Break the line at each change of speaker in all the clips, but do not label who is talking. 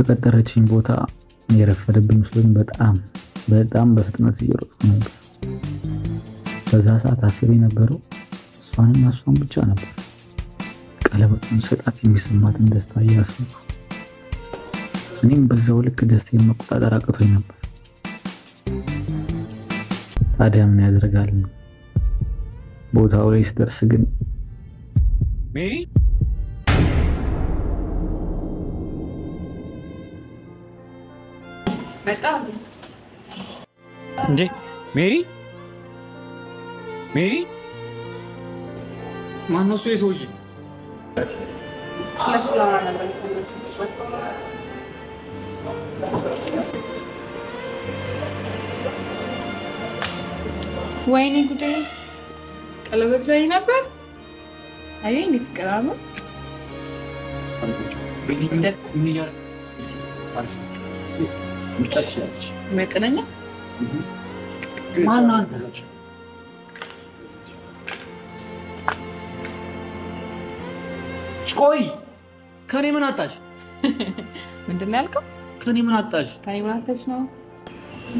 ከቀጠረችኝ ቦታ የረፈደብኝ ምስሎኝ በጣም በጣም በፍጥነት እየሮጥኩ ነበር። በዛ ሰዓት አስቤ ነበረው እሷንና እሷን ብቻ ነበር። ቀለበቱን ሰጣት የሚሰማትን ደስታ እያሰብኩ እኔም በዛው ልክ ደስታ የመቆጣጠር አቅቶኝ ነበር። ታዲያ ምን ያደርጋል? ቦታው ላይ ስደርስ ግን ሜሪ እንዴ! ሜሪ ሜሪ፣ ማነው እሱ የሰውዬ?
ወይኔ ቀለበት ላይ ነበር። ፍቅር ምርጫ ትችላለች። መቀነኛ
ማን አንተ ቆይ ከኔ ምን አጣሽ? ምንድን ነው ያልከው? ከኔ ምን አጣሽ?
ከኔ ምን አጣሽ ነው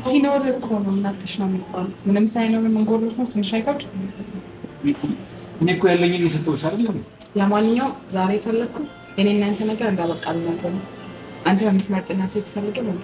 ሲኖር እኮ ነው ምን አጣሽ ነው የሚባለው። ምንም ሳይኖር ምን ጎሎች ነው ትንሽ አይከብድ።
እኔ እኮ ያለኝን የሰጠሁሽ አይደለም።
ለማንኛውም ዛሬ የፈለግኩ እኔ እናንተ ነገር እንዳበቃ ልነገር ነው አንተ የምትመጥና ሴት ፈልገ ነው።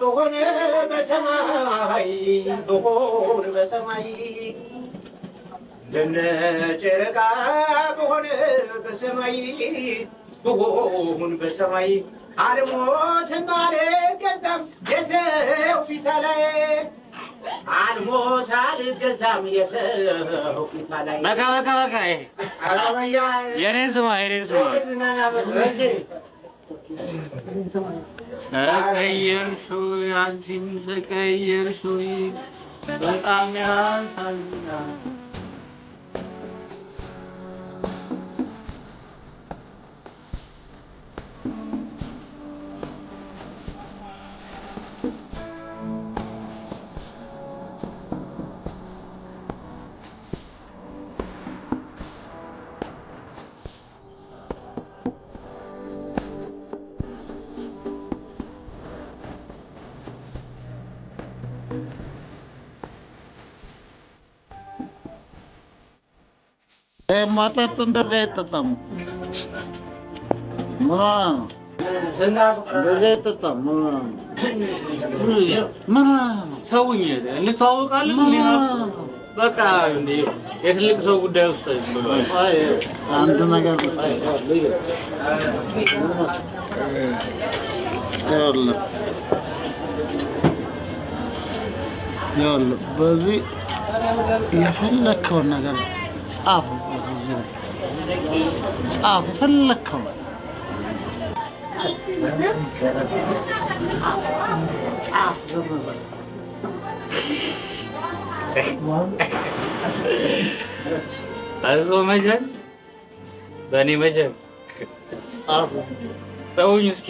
በሆነ በሰማይ ብሆን በሰማይ ለነጨረቃ በሆነ በሰማይ ብሆን በሰማይ አልሞትም አልገዛም የሰው ፊት ላይ አልሞት አልገዛም የሰው ፊት ላይ በቃ በቃ በቃ የኔን ስማ የኔን ስማ ተቀየርሹ አንቺም ተቀየርሹ በጣም ያሳዝናል። መጠጥ እንደዚህ አይጠጣም። እንደዚህ ሰውኝ እንተዋወቃለን። በቃ የትልቅ ሰው ጉዳይ ውስጥ አንድ ነገር ስ በዚህ የፈለግከውን ነገር ጻፉ ጻፉ ፈለግከው አዞ መጀል በእኔ መጀል ተውኝ እስኪ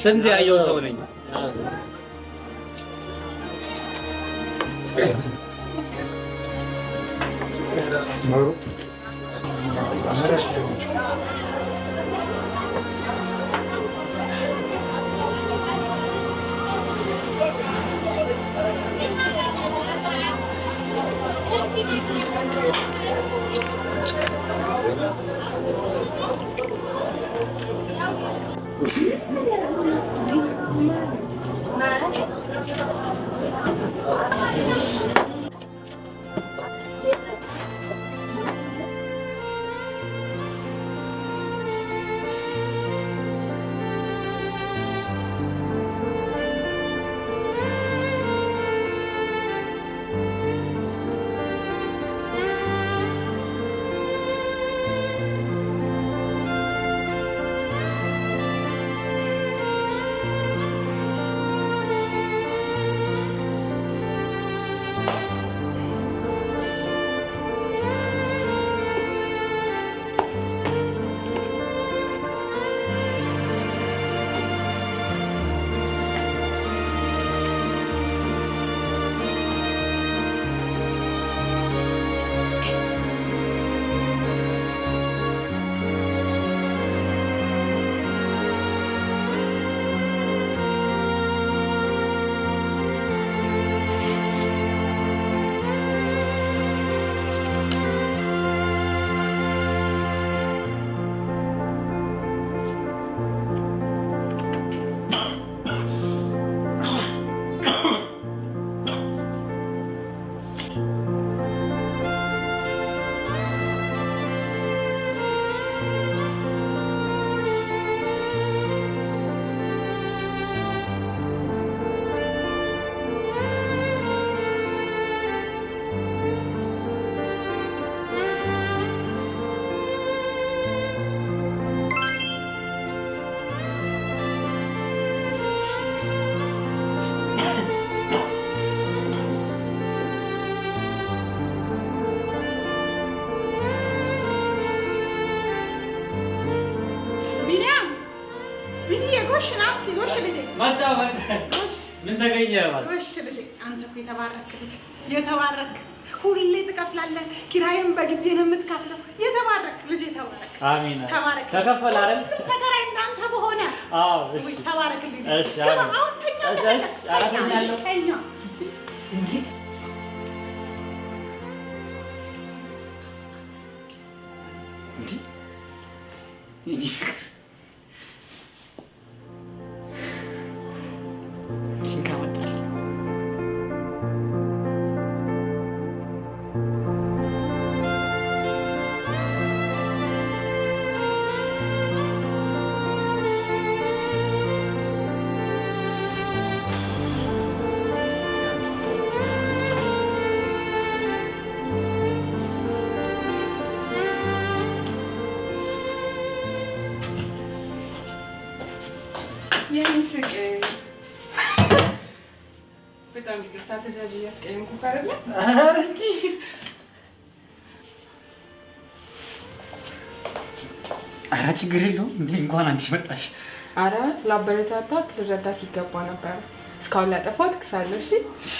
ስንት ያየው ሰው ነኝ Marul. Thank you. ተገኘ ማለት
እሺ። አንተ እኮ የተባረክ ልጅ የተባረክ ሁሌ ትከፍላለህ። ኪራይም በጊዜ ነው የምትከፍለው። የተባረክ ልጅ የተባረክ ተባረክ
ተከፈለ አይደል?
ተከራይ እንዳንተ በሆነ አዎ። እሺ ተባረክ ልጅ። እሺ አሁን ተኛ።
እሺ ተኛ እንዴ
ይህን ፍቅር በጣም ይቅርታ ተጃጅ እያስቀየምኩ ካለ
አረ ችግር የለውም። እንኳን አንቺ መጣሽ።
አረ ላበረታታ ልረዳት ይገባ ነበር። እስካሁን ላጠፋ ትክሳለሁ። እሺ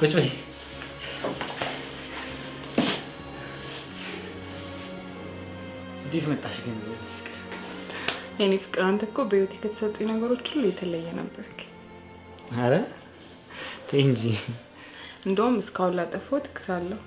ቁጭ በይ እንዴት መጣሽ ግን?
የኔ ፍቅር አንተ እኮ በህይወት ከተሰጡኝ ነገሮች ሁሉ የተለየ ነበርክ።
አረ ተይ እንጂ።
እንደውም እስካሁን ላጠፋሁት እክሳለሁ።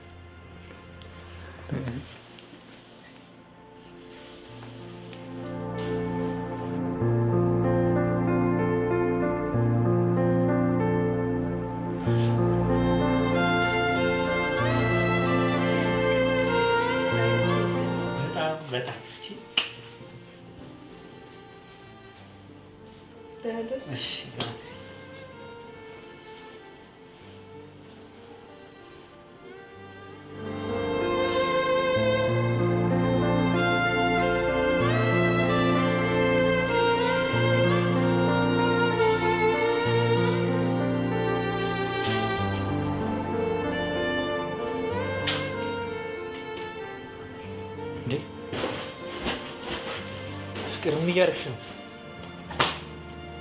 ፍቅር ምን እያደረግሽ ነው?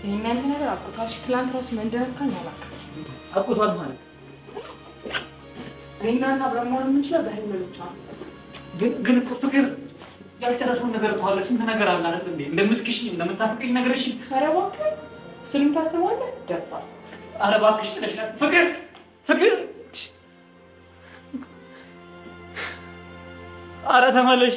ይህን ነገር አቁቷል። ትላንት ራሱ መንደረካኝ አላውቅም።
አቁቷል ማለት
እኔና አብረን መሆን የምንችለው በህልም ብቻ ነው።
ግን እኮ ፍቅር ያልጨረሰውን ነገር ተዋለ። ስንት ነገር አለ አይደል እንዴ? እንደምትክሽኝ እንደምታፍቅኝ ነገርሽ።
ኧረ እባክህ እሱንም ታስባለህ። ደፋ
ኧረ እባክሽ ጥለሽ ፍቅር ፍቅር ኧረ ተመለሽ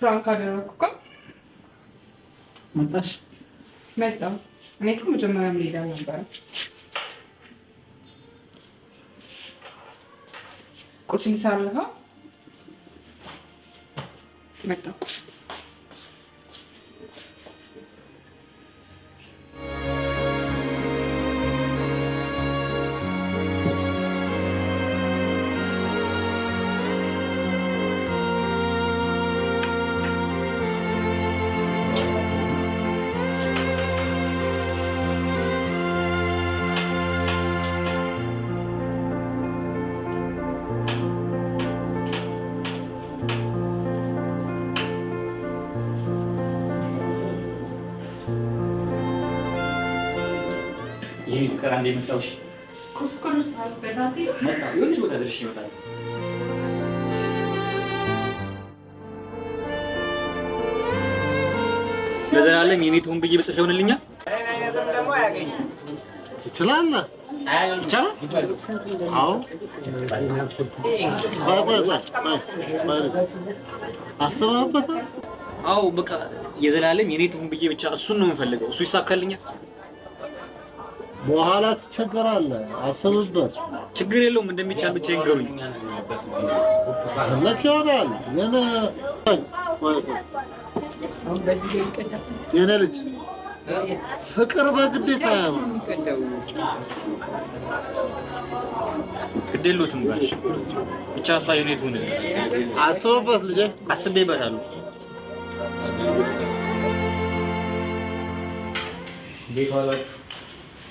ፍራንክ አደረግኩ እኮ መጣሽ መጣሁ። እኔ እኮ መጀመሪያ መሄድ አልነበረም። ቁርስ ሊሰራ መጣሁ።
ሙከራ አንድ የመጣውሽ መጣ ይሁንሽ ድርሽ ለዘላለም የኔ ትሁን ብዬ ብጽፍ ይሆንልኛል። ትችላለህ። አዎ በቃ የዘላለም የኔ ትሁን ብዬ ብቻ እሱን ነው የምፈልገው። እሱ ይሳካልኛል። በኋላ ትቸገራለህ። አስብበት። ችግር የለውም እንደሚቻል ብቻ ይንገሩኝ። ለክ ይሆናል። የኔ ልጅ ፍቅር በግዴታ ያው ግዴሎትም ጋሽ ብቻ እሷ የኔ ትሁን። አስብበት ልጄ፣ አስቤበታለሁ። እንዴት ዋላችሁ?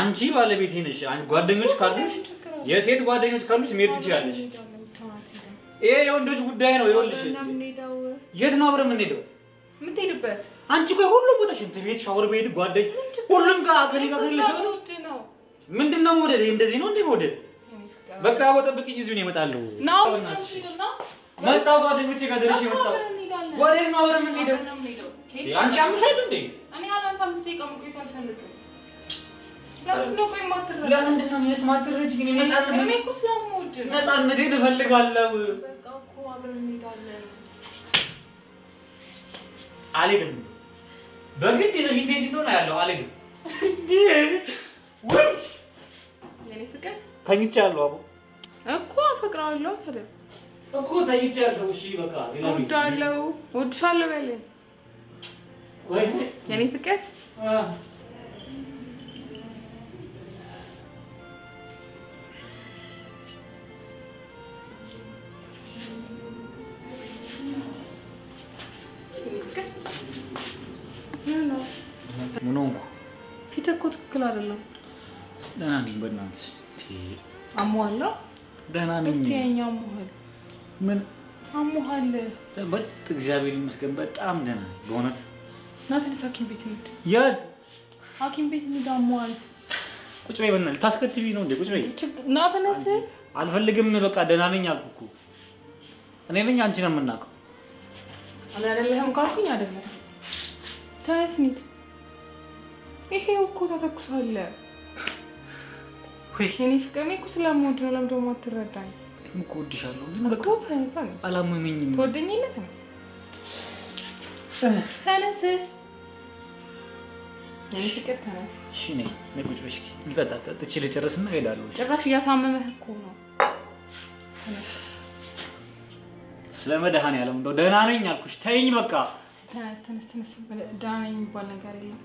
አንቺ ባለቤት ነሽ። ጓደኞች ካሉሽ የሴት ጓደኞች ካሉሽ መሄድ ትችላለሽ። ይሄ የወንዶች ጉዳይ ነው። ይኸውልሽ የት ነው አብረን የምንሄደው? የምትሄድበት አንቺ ጋር ሁሉ ቦታ ሽንት ቤት፣ ሻወር ቤት፣ ጓደኝ ሁሉም ጋር አከሌ ጋር ከሌለሽ ምንድን ነው መውደድ? እንደዚህ ነው እንዴ መውደድ? በቃ በጠብቅኝ እዚሁ ነው እመጣለሁ። መጣሁ ጓደኞቼ ከደረሽ ደርሼ መጣሁ። ወዴት ነው አብረን የምንሄደው? አንቺ አምሻል እንዴ?
እኔ አላንተ አምስት ደቂቃ መቆየት
ለምንድን ነው እኔስ ነፃነቴን እፈልጋለሁ። አልሄድም። በግድ ይዘሽ እንዴት እንደሆነ ያለው አልሄድም። ተኝቻለሁ
እኮ አፈቅራለሁ
እኮ ተኝቻለሁ። እሺ በቃ
እወድሻለሁ፣ እወድሻለሁ በለኝ የእኔ ፍቅር ፊት እኮ ትክክል አይደለም።
ደህና ነኝ። በእናትሽ አሞሃል? ደህና ነኝ። እስኪ
ያኛው አሞሃል? ምን አሞሃል?
በጥ እግዚአብሔር ይመስገን በጣም ደህና ነኝ በእውነት።
ናትነት ሐኪም ቤት እንሂድ። የት ሐኪም ቤት እንሂድ? አሞሃል።
ቁጭ በይ በእናትሽ። ልታስከትቢ ነው እንዴ? ቁጭ በይ ናትነት። አልፈልግም በቃ ደህና ነኝ አልኩ እኮ እኔ ነኝ። አንቺ ነው የምናውቀው።
አይደለህም ካልኩኝ አይደለም። ተነስ እንሂድ ይሄው እኮ ተተኩሳለ። ወይኔ ፍቅር፣ እኔ እኮ ስለምወድ ነው። ለምን ደግሞ አትረዳኝ?
እኮ እወድሻለሁ፣
ግን በቃ ተነሳ።
አላመመኝም።
ትወደኝና ተነስ፣ ተነስ፣ የእኔ ፍቅር ተነስ።
እሺ ነይ፣ ነይ ቁጭ በይ። ልጠጣ ጠጥቼ ልጨርስና እሄዳለሁ።
ጭራሽ እያሳመመህ እኮ ነው።
ስለ መድኃኔዓለም እንደው ደህና ነኝ አልኩሽ፣ ተይኝ በቃ።
ተነስ፣ ተነስ፣ ተነስ። ደህና ነኝ የሚባል ነገር የለም።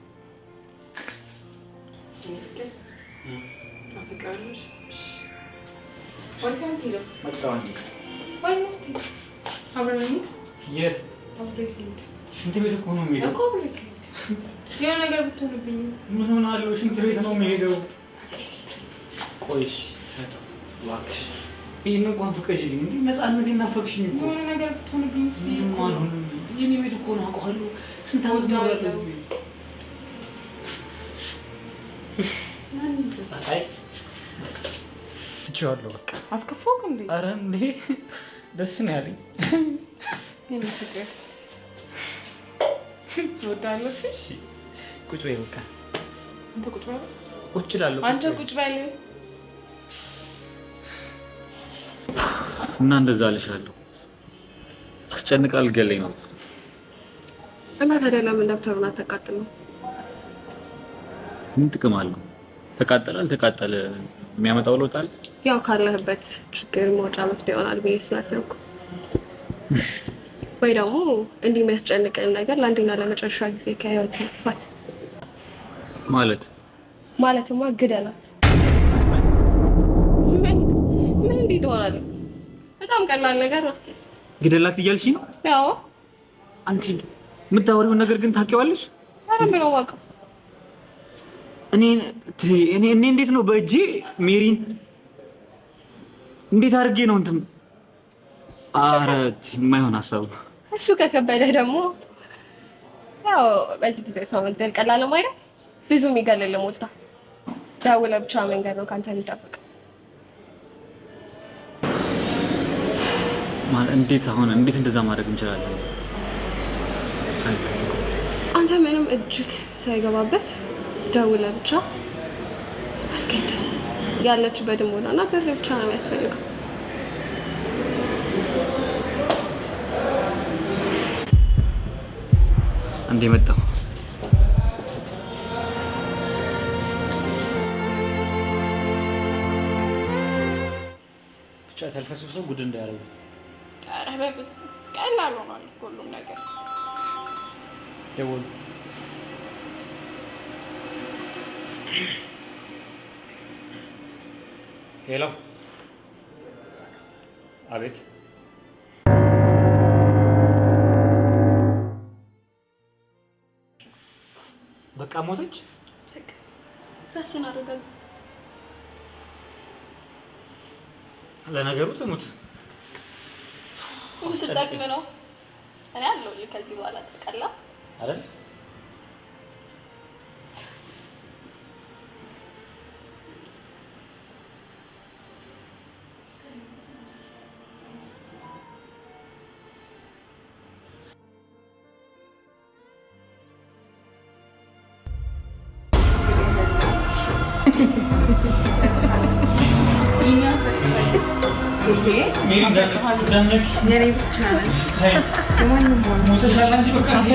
ሽንት ቤት እኮ ነው የሚሄደው።
የሆነ ነገር ብትሆንብኝ
ምን ሆናለሁ? ሽንት ቤት ነው የሚሄደው። ቆይሽ እባክሽ ይህን እንኳን ፍቀሽልኝ እንዴ! ነፃነቴን ናፈቅሽኝ እኮ።
የሆነ ነገር ብትሆንብኝ
የኔ ቤት እኮ ነው አውቀዋለሁ። ስንት ዓመት ነው ያለው ትችዋለሁ። በቃ
አስከፋውክ እንዴ?
እንዴ ደስ ነው ያለኝ። ቁጭ በይ በቃ ቁጭ እላለሁ። አንተ ቁጭ እና እንደዛ አልሻለሁ። አስጨንቃል ገለኝ ነው
እና ታዲያ ለምን ደብተሩን አታቃጥለው?
ምን ጥቅም አለው? ተቃጠለ አልተቃጠለ የሚያመጣው ለውጥ አለ?
ያው ካለህበት ችግር መውጫ መፍትሄ ይሆናል ብዬ ስላሰብኩ ወይ ደግሞ እንዲህ የሚያስጨንቀን ነገር ለአንድና ለመጨረሻ ጊዜ ከህይወት መጥፋት ማለት ማለትማ ግደላት። ምን ምን እንዴት ይሆናል? በጣም ቀላል ነገር ነው።
ግደላት እያልሽ ነው? ያው አንቺ የምታወሪውን ነገር ግን ታውቂዋለሽ?
አረም ነው የማውቀው
እኔ እንዴት ነው በእጄ ሜሪን እንዴት አድርጌ ነው እንትን? ኧረ የማይሆን ሀሳብ
እሱ። ከከበደ ደግሞ ያው በዚህ ጊዜ ሰው መግደል ቀላል ነው ብዙ የሚገልል ሞልታ ደውለህ ብቻ መንገድ ነው ከአንተ የሚጠብቅ
እንዴት አሁን እንዴት እንደዛ ማድረግ እንችላለን?
አንተ ምንም እጅግ ሳይገባበት ደውለ ብቻ አስገድ ያለችበትን ቦታና ብር ብቻ ነው የሚያስፈልገው።
እንዴ መጣሁ። ብቻ ተልፈስፍሶ ጉድ እንዳያደርጉ።
ኧረ በፍፁም ቀላል ሆኗል ሁሉም ነገር
ደወሉ ሄሎ አቤት በቃ ሞተች
ራስን አረጋግ
ለነገሩ ትሙት
ስጠቅም ነው እኔ አለሁልህ ከዚህ በኋላ ጠቀላ አይደል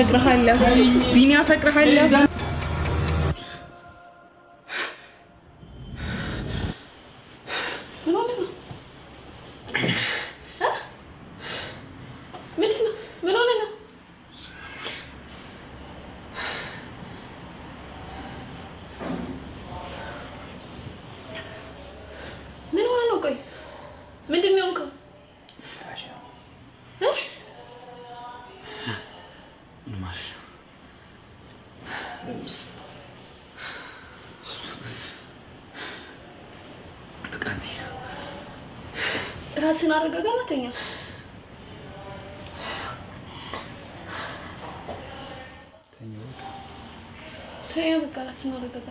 አፈቅርሃለሁ ቢኒ አፈቅርሃለሁ አረጋጋናተኛ ተኛ በቃ ራስን አረጋጋ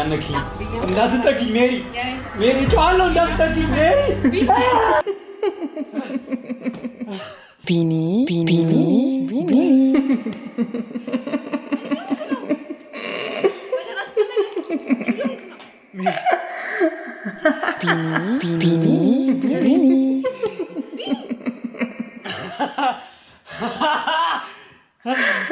जान की लत तक मेरी मेरी चलो लत तक मेरी पीनी पीनी पीनी पीनी पीनी पीनी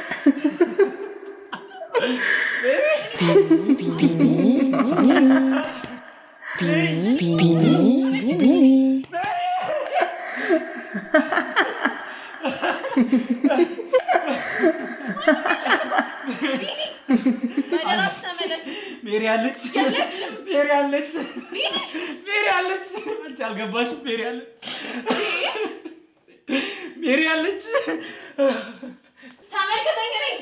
ያለች ፌሪ ያለች ፌሪ ያለች አንቺ አልገባሽም። ፌሪ ያለች ፌሪ ያለች
አንቺ አልገባሽም።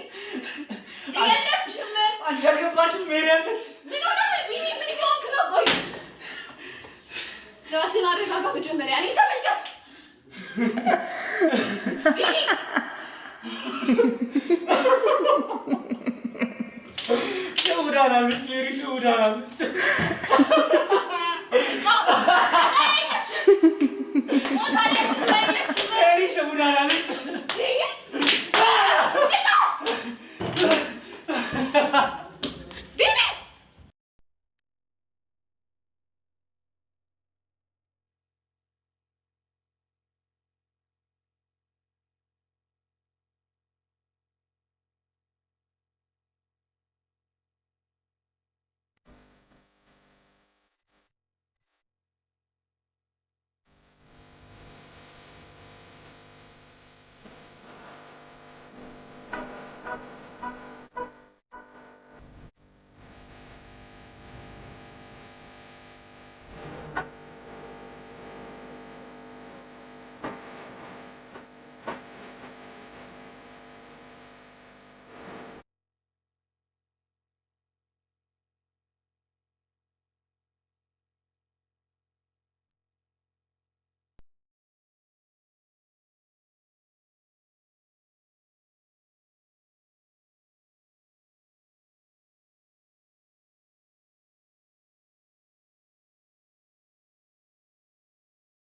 aramış, yürüyüşü uğramış.